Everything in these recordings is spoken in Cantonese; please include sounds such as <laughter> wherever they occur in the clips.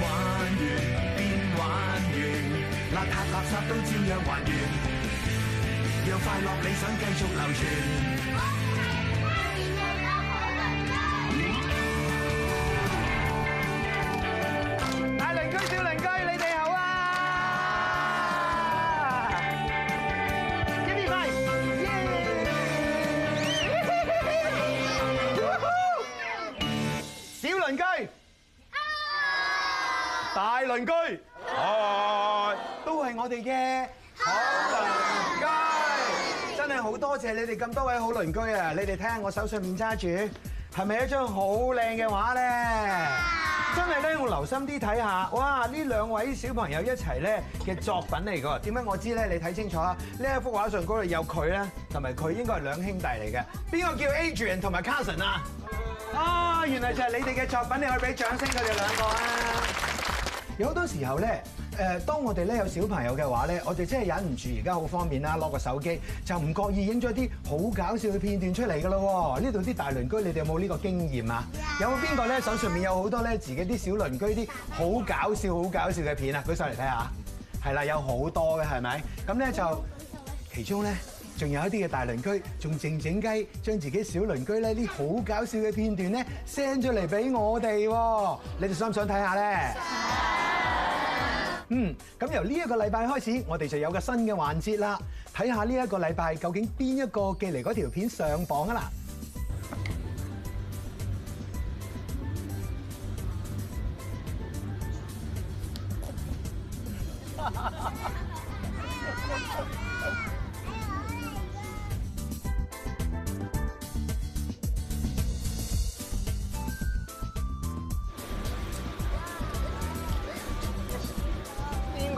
玩完便玩完，邋遢垃圾都照樣還原，讓快樂理想繼續流傳。鄰居，Hi. 都係我哋嘅好鄰居，Hi. 真係好多謝你哋咁多位好鄰居啊！你哋睇下我手上面揸住係咪一張好靚嘅畫咧？Hi. 真係咧，我留心啲睇下，哇！呢兩位小朋友一齊咧嘅作品嚟噶，點解我知咧？你睇清楚啊！呢一幅畫上高度有佢咧，同埋佢應該係兩兄弟嚟嘅。邊個叫 Adrian 同埋 Carson 啊？啊，原來就係你哋嘅作品，你可以俾掌聲佢哋兩個啊！有好多時候咧，誒，當我哋咧有小朋友嘅話咧，我哋真係忍唔住，而家好方便啦，攞個手機就唔覺意影咗啲好搞笑嘅片段出嚟㗎咯喎。呢度啲大鄰居，你哋有冇呢個經驗啊？對有冇邊個咧手上面有好多咧自己啲小鄰居啲好搞笑、好搞笑嘅片啊？舉上嚟睇下，係啦，有好多嘅係咪？咁咧就其中咧，仲有一啲嘅大鄰居仲靜靜雞將自己小鄰居呢啲好搞笑嘅片段咧 send 咗嚟俾我哋，你哋想唔想睇下咧？嗯，咁由呢一個禮拜開始，我哋就有個新嘅環節啦，睇下呢一個禮拜究竟邊一個寄嚟嗰條片上榜啊喇。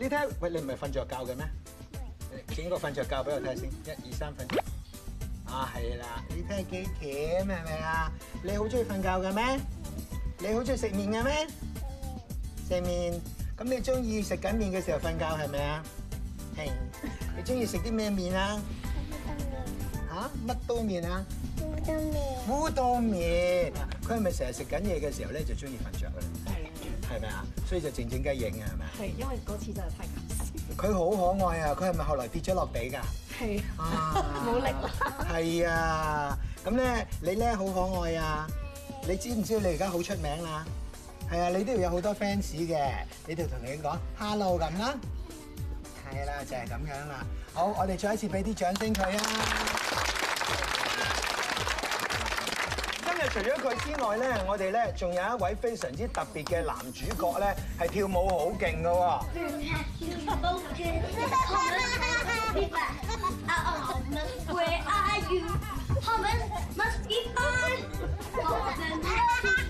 你睇，喂，你唔係瞓著覺嘅咩？整個瞓著覺俾我睇下先，一二三，瞓。啊，係啦，你睇下幾甜，係咪啊？你好中意瞓覺嘅咩？你好中意食麵嘅咩？食麵。咁你中意食緊麵嘅時候瞓覺係咪啊？係。你中意食啲咩麵啊？乜都麵。嚇？乜都麵啊？烏冬麵。烏冬麵。佢係咪成日食緊嘢嘅時候咧就中意瞓著啊？係咪啊？所以就靜靜雞影啊，係咪啊？係，因為嗰次真係太緊要。佢好可愛啊！佢係咪後來跌咗落地㗎？係的啊，冇 <laughs> 力了。係啊，咁咧你咧好可愛啊！你知唔知你而家好出名啦？係啊，你都有好多 fans 嘅。你度同你講，hello 咁啦。係啦， <laughs> 就係咁樣啦。好，我哋再一次俾啲掌聲佢啊！除咗佢之外咧，我哋咧仲有一位非常之特別嘅男主角咧，係跳舞好勁㗎喎。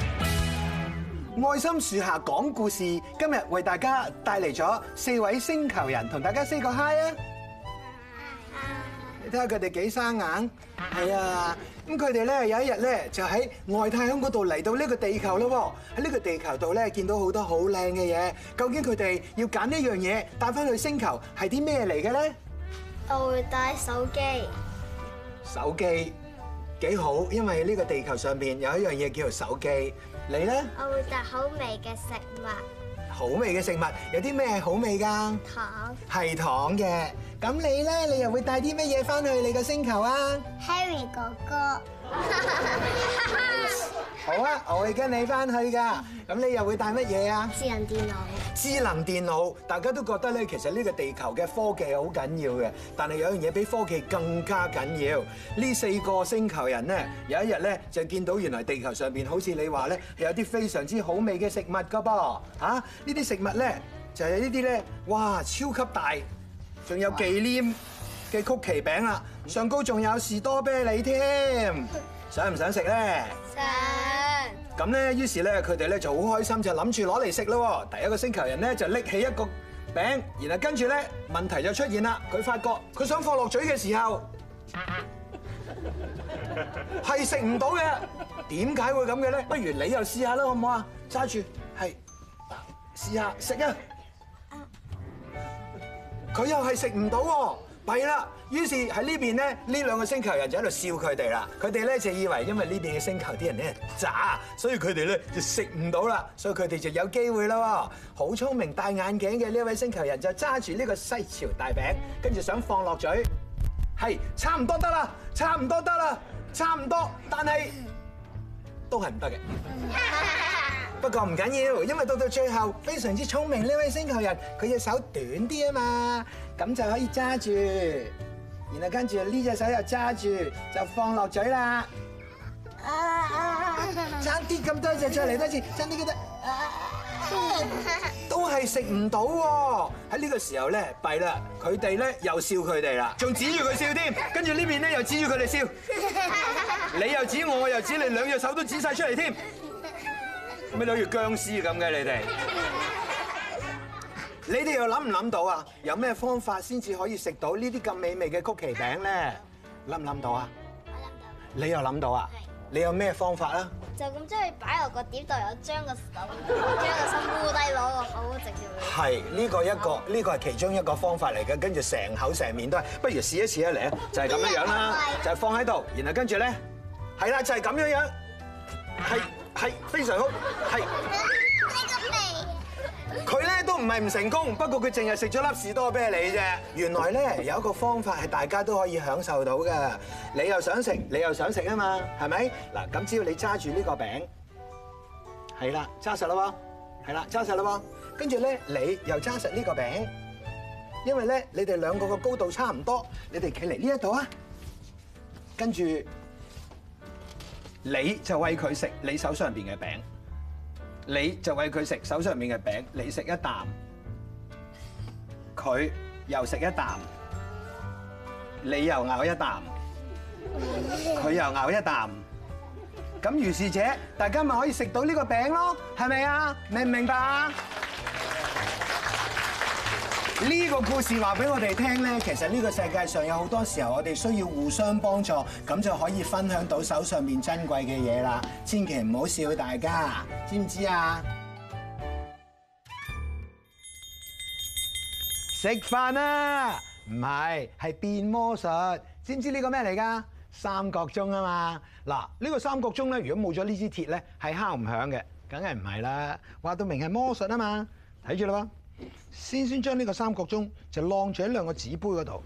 愛心樹下講故事，今日為大家帶嚟咗四位星球人同大家 say 個 hi! 嗯!嗯!嗯!你咧，我會帶好味嘅食物。好味嘅食物有啲咩好味噶？糖。係糖嘅。咁你咧，你又會帶啲乜嘢翻去你個星球啊？Harry 哥哥。 <laughs> 好啊，我會跟你翻去噶咁你又會帶乜嘢啊？智能電腦。智能電腦，大家都覺得咧，其實呢個地球嘅科技好緊要嘅，但係有樣嘢比科技更加緊要。呢四個星球人咧，有一日咧就見到原來地球上邊好似你話咧有啲非常之好味嘅食物噶噃。吓，呢啲食物咧就係呢啲咧，哇，超級大，仲有忌廉嘅曲奇餅啦，上高仲有士多啤梨添。想唔想食咧？想！咁咧，於是咧，佢哋咧就好開心，就諗住攞嚟食咯。第一個星球人咧就拎起一個餅，然後跟住咧問題就出現啦。佢發覺佢想放落嘴嘅時候係食唔到嘅。點解會咁嘅咧？不如你又試下啦，好唔好啊？揸住，係！試下食啊！佢又係食唔到喎，弊啦。於是喺呢邊咧，呢兩個星球人就喺度笑佢哋啦。佢哋咧就以為因為呢邊嘅星球啲人咧渣，所以佢哋咧就食唔到啦。所以佢哋就有機會啦。好聰明戴眼鏡嘅呢位星球人就揸住呢個西樵大餅，跟住想放落嘴，係差唔多得啦，差唔多得啦，差唔多，多，但係都係唔得嘅。不， <laughs> 不過唔緊要緊，因為到到最後非常之聰明呢位星球人，佢隻手短啲啊嘛，咁就可以揸住。然後跟住呢隻手又揸住，就放落嘴啦。差啲咁多隻出嚟多次，差啲嗰啲都係食唔到喎。喺呢個時候咧，弊啦，佢哋咧又笑佢哋啦，仲指住佢笑添。跟住呢邊咧又指住佢哋笑，你又指我，又指你，兩隻手都指晒出嚟添。咩好似僵屍咁嘅你哋？你哋又諗唔諗到啊？有咩方法先至可以食到呢啲咁美味嘅曲奇餅咧？諗唔諗到啊？我諗到。到你又諗到啊？係。你有咩方法啦？就咁將佢擺落個碟度，張有將個手將個心，攞低攞個口直接。係呢個一個，呢個係其中一個方法嚟嘅。跟住成口成面都係，不如試一試一嚟啊！就係咁樣樣啦，就放喺度，然後跟住咧，係啦，就係咁樣樣，係係非常好，係。都唔係唔成功，不過佢淨係食咗粒士多啤梨啫。原來咧，有一個方法係大家都可以享受到嘅。你又想食，你又想食啊嘛，係咪？嗱，咁只要你揸住呢個餅，係啦，揸實啦，係啦，揸實啦。跟住咧，你又揸實呢個餅，因為咧，你哋兩個個高度差唔多，你哋企嚟呢一度啊。跟住你就喂佢食你手上邊嘅餅。你食一啖，佢又食一啖，你又咬一啖，佢又咬一啖，咁如是者。呢個故事話俾我哋聽咧，其實呢個世界上有好多時候，我哋需要互相幫助，咁就可以分享到手上面珍貴嘅嘢啦。千祈唔好笑，大家知唔知啊？食飯啊，唔係，係變魔術，知唔知呢個咩嚟噶？三角鐘啊嘛。嗱，呢個三角鐘咧，如果冇咗呢支鐵咧，係敲唔響嘅，梗係唔係啦？話到明係魔術啊嘛，睇住啦喎！先先將呢個三角鐘就晾住喺兩個紙杯嗰度，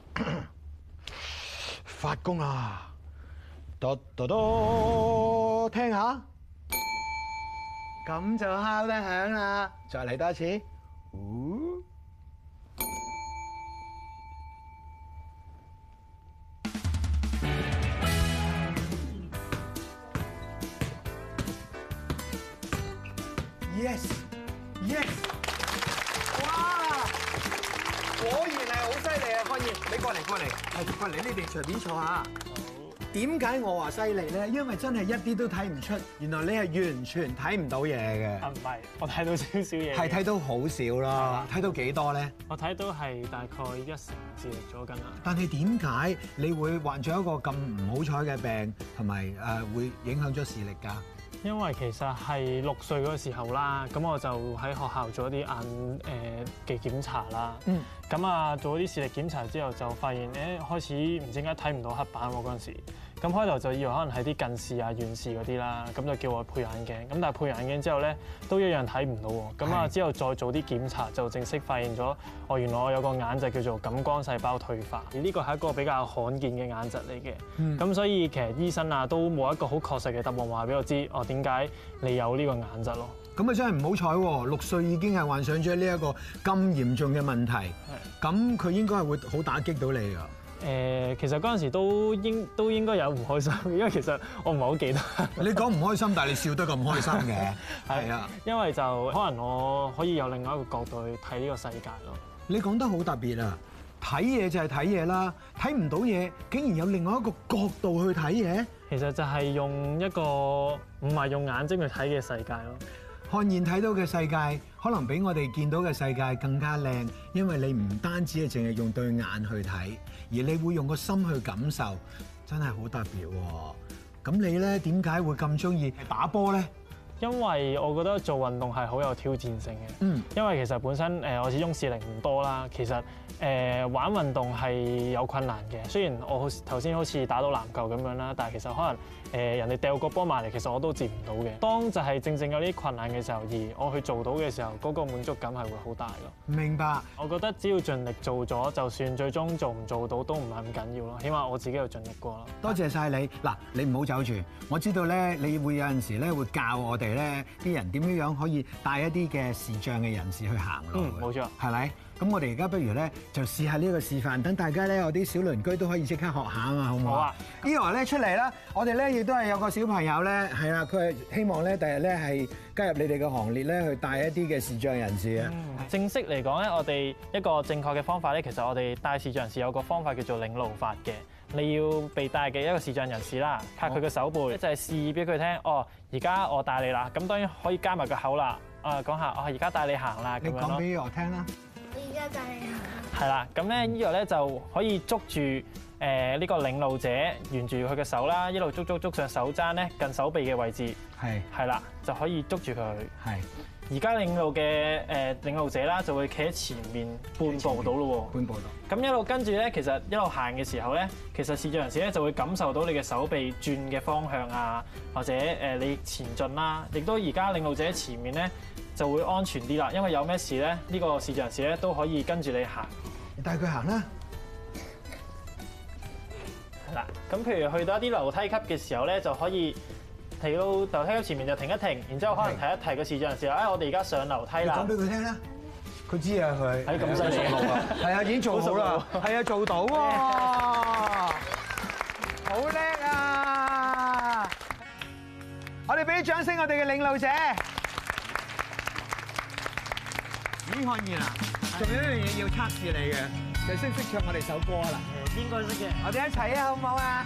發功啊！嘟嘟嘟，聽下，咁就敲得響啦！再嚟多次呼。Yes，Yes。果然係好犀利啊！漢彥，你過嚟過嚟，係過嚟，你哋隨便坐下。好。點解我話犀利咧？因為真係一啲都睇唔出。原來你係完全睇唔到嘢嘅。啊，唔係，我睇到少少嘢。係睇到好少啦。睇到幾多咧？我睇到係大概一成視力左近啦。但係點解你會患咗一個咁唔好彩嘅病，同埋誒會影響咗視力㗎？因為其實係六歲嗰時候啦，咁我就喺學校做一啲眼誒嘅、呃、檢查啦。嗯。咁啊，做咗啲視力檢查之後，就發現誒、欸、開始唔知點解睇唔到黑板喎、啊、嗰陣時。咁開頭就以為可能係啲近視啊、遠視嗰啲啦，咁就叫我配眼鏡。咁但係配眼鏡之後咧，都一樣睇唔到喎。咁啊，是的 之後再做啲檢查，就正式發現咗，哦，原來我有個眼疾叫做感光細胞退化，而呢個係一個比較罕見嘅眼疾嚟嘅。咁、嗯、所以其實醫生啊，都冇一個好確實嘅答案話俾我知，哦、啊，點解你有呢個眼疾咯？咁啊，真係唔好彩喎！六歲已經係患上咗呢一個咁嚴重嘅問題，咁佢是的 應該係會好打擊到你啊。誒，其實嗰陣時都應都應該有唔開心，因為其實我唔係好記得。你講唔開心， <laughs> 但係你笑得咁開心嘅，係啊 <laughs> 的，的因為就可能我可以有另外一個角度去睇呢個世界咯。你講得好特別啊！睇嘢就係睇嘢啦，睇唔到嘢竟然有另外一個角度去睇嘢。其實就係用一個唔係用眼睛去睇嘅世界咯。漢彥睇到嘅世界，可能比我哋見到嘅世界更加靚，因為你唔單止係淨係用對眼去睇，而你會用個心去感受，真係好特別喎、哦。咁你咧點解會咁中意打波呢？因為我覺得做運動係好有挑戰性嘅，嗯、因為其實本身誒、呃、我始終視力唔多啦，其實誒、呃、玩運動係有困難嘅。雖然我頭先好似打到籃球咁樣啦，但係其實可能誒、呃、人哋掉個波埋嚟，其實我都接唔到嘅。當就係正正有啲困難嘅時候，而我去做到嘅時候，嗰個滿足感係會好大咯。明白。我覺得只要盡力做咗，就算最終做唔做到都唔係咁緊要咯。起碼我自己有盡力過咯。多謝晒你。嗱、嗯，你唔好走住。我知道咧，你會有陣時咧會教我哋。咧啲人點樣樣可以帶一啲嘅視障嘅人士去行路？嗯，冇錯。係咪？咁我哋而家不如咧就試下呢個示範，等大家咧有啲小鄰居都可以即刻學下啊嘛，好唔好啊？Eva 咧出嚟啦！我哋咧亦都係有個小朋友咧，係啊，佢係希望咧第日咧係加入你哋嘅行列咧去帶一啲嘅視障人士啊。嗯，係嘅。正式嚟講咧，我哋一個正確嘅方法咧，其實我哋帶視障人士有個方法叫做領路法嘅。你要被帶嘅一個視障人士啦，拍佢嘅手背，一就係示意俾佢聽，哦，而家我帶你啦。咁當然可以加埋個口啦，啊，講下，哦，而家帶你行啦。你講俾我聽啦。我而家帶你行。係啦，咁咧呢個呢度咧就可以捉住誒呢個領路者，沿住佢嘅手啦，一路捉捉捉上手踭咧，近手臂嘅位置，係係啦，就可以捉住佢。係。而家領路嘅誒領路者啦，就會企喺前面半步到咯半步到。咁一路跟住咧，其實一路行嘅時候咧，其實視障人士咧就會感受到你嘅手臂轉嘅方向啊，或者誒你前進啦。亦都而家領路者前面咧就會安全啲啦，因為有咩事咧，呢個視障人士咧都可以跟住你行，帶佢行啦。嗱，啦，咁譬如去到一啲樓梯級嘅時候咧，就可以。係到就聽咗前面就停一停，然之後可能提一提個事，就係：，誒，我哋而家上樓梯啦。講俾佢聽啦，佢知啊，佢。喺咁犀利啊，係啊對， <laughs> 已經做到啦，係啊，做到喎，好叻啊！我哋俾啲掌聲我哋嘅領路者，尹 <music> 漢彥啊，仲有一樣嘢要測試你嘅，就識唔識唱我哋首歌啦？邊個識嘅？我哋一齊啊，好唔好啊？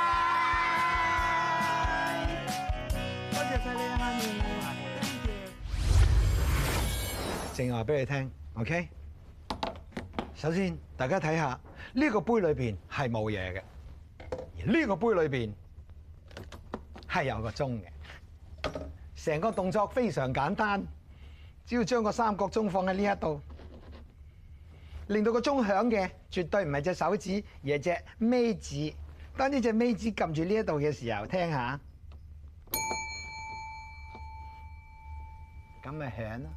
我話俾你聽，OK。首先，大家睇下呢個杯裏邊係冇嘢嘅，而呢個杯裏邊係有個鐘嘅。成個動作非常簡單，只要將個三角鐘放喺呢一度，令到個鐘響嘅，絕對唔係隻手指，而係隻尾指。當呢隻尾指撳住呢一度嘅時候，聽下，咁咪響咯。